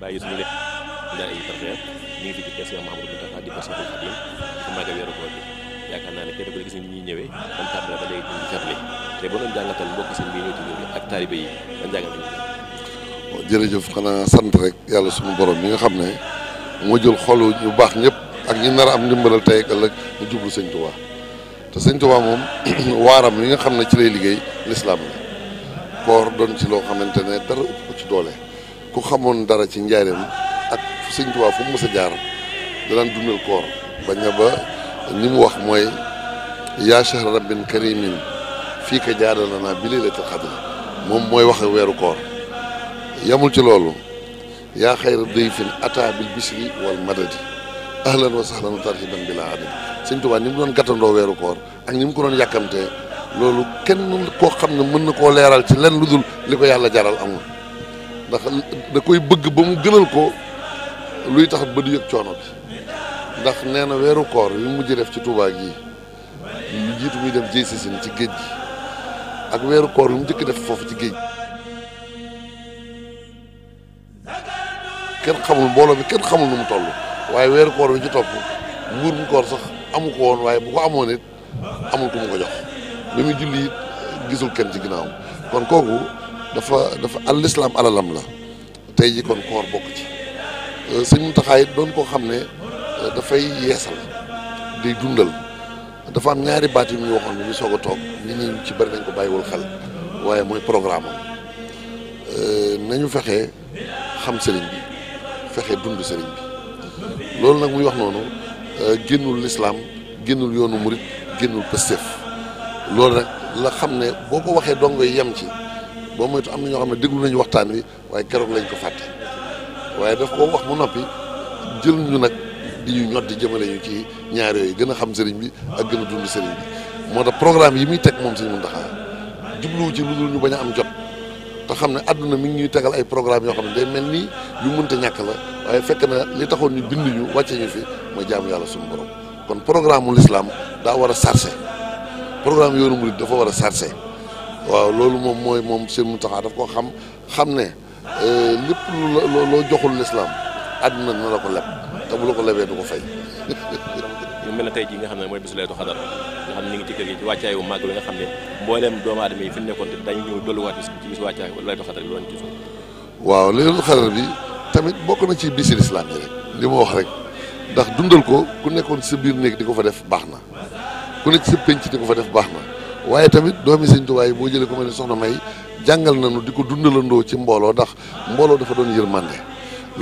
bàyyi suñu lépp daara yi tarxiya ñu ngi bi yaakaar xanaa sant rek yàlla suñu borom mi nga xam ne moo jël xolu ñu baax ñëpp ak ñi nar am ndimbalal tey ak ëllëg ñu jublu sëñ Tuubaa te sëñ Tuubaa moom waaram yi nga xam ne ci lay liggéey lislaam la koor doon ci loo xamante ne dara ëpp ci doole ku xamoon dara ci njaariñ ak sëñ Tuubaa fu mu mës a jaar danaan dundal koor bañ ba ni mu wax mooy yaa shahra rabbin karimin fii ka jaada lana bi laylatil moom mooy wax weeru koor yamul ci loolu yaa xayra dayfin ataa bil bisri wal madadi ahlan wa sahlan wa tarhiban bila adad sëñ Tuubaa ni mu doon gàttandoo weeru koor ak ni mu ko doon yàkkamtee loolu kenn koo xam ne mën na koo leeral ci lenn lu dul li ko yàlla jaral amul ndax da koy bëgg ba mu gënal ko luy tax ba du yëg coono bi ndax nee na weeru koor yu mujj def ci tuubaa gi lu jiitu muy dem jëy sisin ci géej ak weeru koor yu mu njëkk def foofu ci géej kenn xamul mbooloo bi kenn xamul nu mu toll waaye weeru koor bi ci topp mbuur mu koor sax amu ko woon waaye bu ko amoon it amul ku mu ko jox li muy julli gisul kenn ci ginnaaw kon kooku dafa dafa al islam alalam la tey ji kon koor bokk ci euh, sëñ Muntaxa it doon koo xam ne euh, dafay yeesal di dundal dafa am ñaari baat yu ñu waxoon bi ñu soog a toog nit ñi ci bari nañ ko bàyyiwul xel waaye mooy programme am euh, nañu fexe xam sëriñ bi fexe dund sëriñ bi loolu nag muy wax noonu génnul lislaam génnul yoonu murit génnul pëstef loolu nag la xam ne boo ko waxee dongo yem ci boo moytu am na ñoo xam ne déglu nañu waxtaan wi waaye keroog lañ ko fàtte waaye daf koo wax mu noppi jël ñu nag di ñu ñoddi jëmale ñu ci ñaar yooyu gën a xam sëriñ bi ak gën a dund sëriñ bi moo tax programme yi muy teg moom sëriñ Mountakha jubluwu ci lu dul ñu bañ a am jot te xam ne àdduna mi ngi ñuy tegal ay programme yoo xam ne day mel nii yu mënta ñàkk la waaye fekk na li taxoon ñu bind ñu wàcce ñu fi mooy jaamu yàlla suñu borom kon programme mu lislaam daa war programme yoonu murid war a sarse waaw loolu moom mooy moom seen Muntaxa daf ko xam xam ne euh, lépp lu loo joxul lislaam àdduna dina la ko leb te bu la ko lebee du ko fay. ñu mel ne tey jii nga xam ne mooy bisu Laylatul Qadr nga xam ñu ngi ci kër gi ci wàccaay wu màgg nga xam ne mbooleem doomu aadama yi fi nekkoon te dañ ñëw dolliwaat ci bisu wàccaay waaw Laylatul Qadr bi tamit bokk na ci bisi lislaam yi rek li ma wax rek ndax dundal ko ku nekkoon sa biir néeg di ko fa def baax na ku nekk sa penc di ko fa def baax na. waaye tamit doomi sëñ Tuubaa yi boo jëlee ku mel ne soxna May jàngal nañu di ko dundalandoo ci mbooloo ndax mbooloo dafa doon yërmande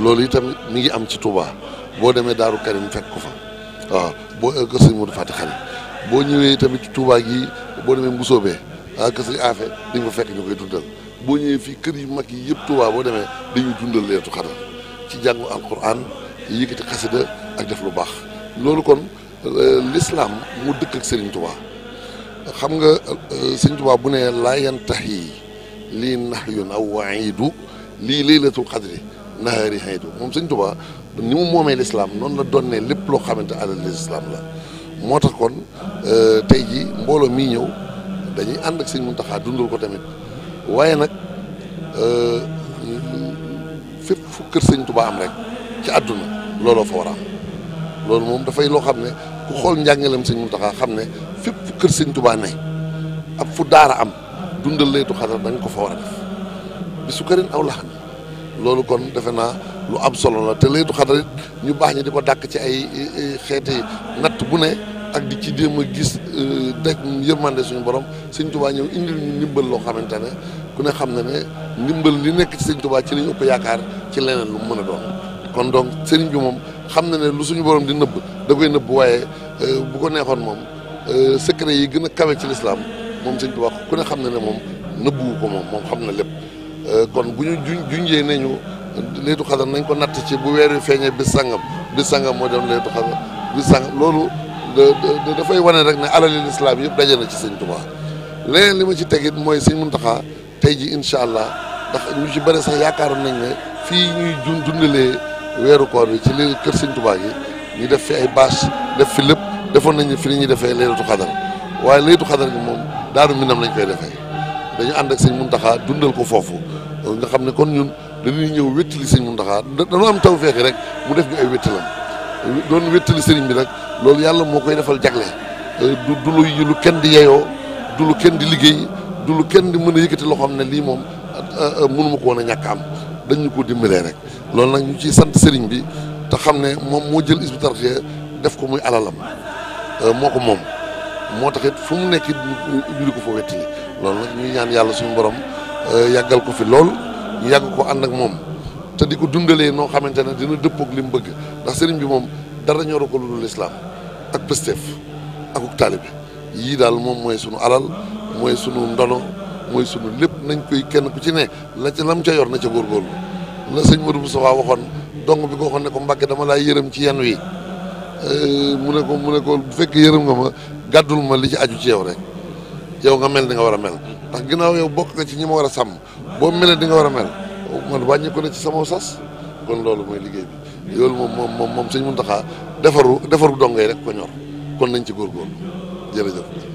loolu tamit mu ngi am ci Tuubaa boo demee Daaru Karim fekk ko fa waaw boo kër sëñ Modou Fatick boo ñëwee tamit ci Tuubaa gi boo demee Mbusoobe ah kër sëñ Afe di nga fa fekk ñu koy dundal boo ñëwee fii kër yu mag yi yëpp Tuubaa boo demee dañuy dundal leetu xadar ci jàngu alquran yëkkati xasida ak def lu baax loolu kon l'islam mu dëkk ak Serigne Touba xam nga euh, sëñ Tuubaa bu ne laa yantahi lii nahyun aw wa'idu lii laylatul qadri nahaari haydu moom sëñ Tuubaa ni mu moomee lislaam noonu la doon lépp loo xamante alal lislaam la moo tax kon euh, tey jii mbooloo mii ñëw dañuy ànd ak sëñ Muntaxaa dundul ko tamit waaye nag euh, fépp fu kër sëñ Tuubaa am rek ci àdduna looloo fa war loolu moom dafay loo xam ne ku xool njàngaleem sëñ a xam ne fépp fu kër sëñ Tuubaa ne ab fu daara am dundal laytu xadar dañ ko fa war a def bi su kërin aw laxan loolu kon defe naa lu am solo la te laytu xadar ñu baax ñi di ko dàkk ci ay xeeti natt bu ne ak di ci déem a gis deg euh, yërmande suñu borom sëñ Tuubaa ñëw lu ñu ndimbal loo xamante ne ku ne xam ne ne ndimbal li nekk ci sëñ Tuubaa ci la ñu yaakaar ci leneen lu mu mën a doon kon donc sëriñ bi xam na ne lu suñu borom di nëbb da koy nëbb waaye euh, bu ko neexoon moom euh, secret yi gën a kawe ci lislaam moom sëñ Tuubaa ku ne xam na ne moom nëbbuwu ko moom xam na lépp euh, kon bu ñu juñ junjee ñu leetu xadar nañ ko natt ci bu weer wi feeñee bis sangam bis sangam moo doon leetu xadar bis sangam loolu da dafay wane rek ne alali lislaam yëpp daje na ci sëñ Tuubaa leen li ma ci tegit mooy sëñ Muntaxaa tey ji incha allah ndax ñu ci bëri sax yaakaaroon nañ ne fii ñuy jundalee weeru koor bi ci li kër Sëñ Tuubaa yi ñu def fi ay bâche def fi lépp defoon nañu fi ni ñuy defee leylatu xadar waaye leylatu xadar bi moom daaru minam lañ koy defee dañu ànd ak Sëñ Muntaxa dundal ko foofu nga xam ne kon ñun dañuy ñëw wéttali Sëñ Muntaxa dañu am tawfeex rek mu def ñu ay wéttalam doon wéttali sëriñ bi rek loolu yàlla moo koy defal jagle du du lu lu kenn di yeyoo du lu kenn di liggéey du kenn di mën a yëkkati loxoom ne lii moom euh, euh, mënu ma ko woon a ñàkk am dañ ko dimbalee rek loolu nag ñu ciy sant sëriñ bi te xam ne moom moo jël Hizbut def ko muy alalam euh, moo ko moom moo taxit fu mu nekk ñu di ko fa wetti loolu nag ñuy ñaan yàlla suñu borom euh, yàggal ko fi lool ñu yàgg ko ànd ak moom te di ko dundalee noo xamante ne dina dëppoog li mu bëgg ndax sëriñ bi moom dara ñor ko lu dul lislaam ak pësteef akuk taalibe yii daal moom mooy sunu alal mooy sunu ndono mooy sunu lépp nañ koy kenn ku ci ne la ca lam ca yor na ca góorgóorlu la sëñ Modou waa waxoon dong bi ko waxoon ne ko Mbàkke dama laay yërëm ci yan wi euh, mu ne ko mu ne ko bu fekkee yërëm nga ma gàddul ma li ci aju ci yow rek yow nga mel ni nga war a mel ndax ginnaaw yow bokk nga ci ñi ma war a sàmm boo melee di nga war a mel man wàññi ko ne ci sama sas kon loolu mooy liggéey bi loolu moom moom moom moom sëñ Mountakha defaru defaru dongay rek ko ñor kon nañ ci góorgóorlu jërëjëf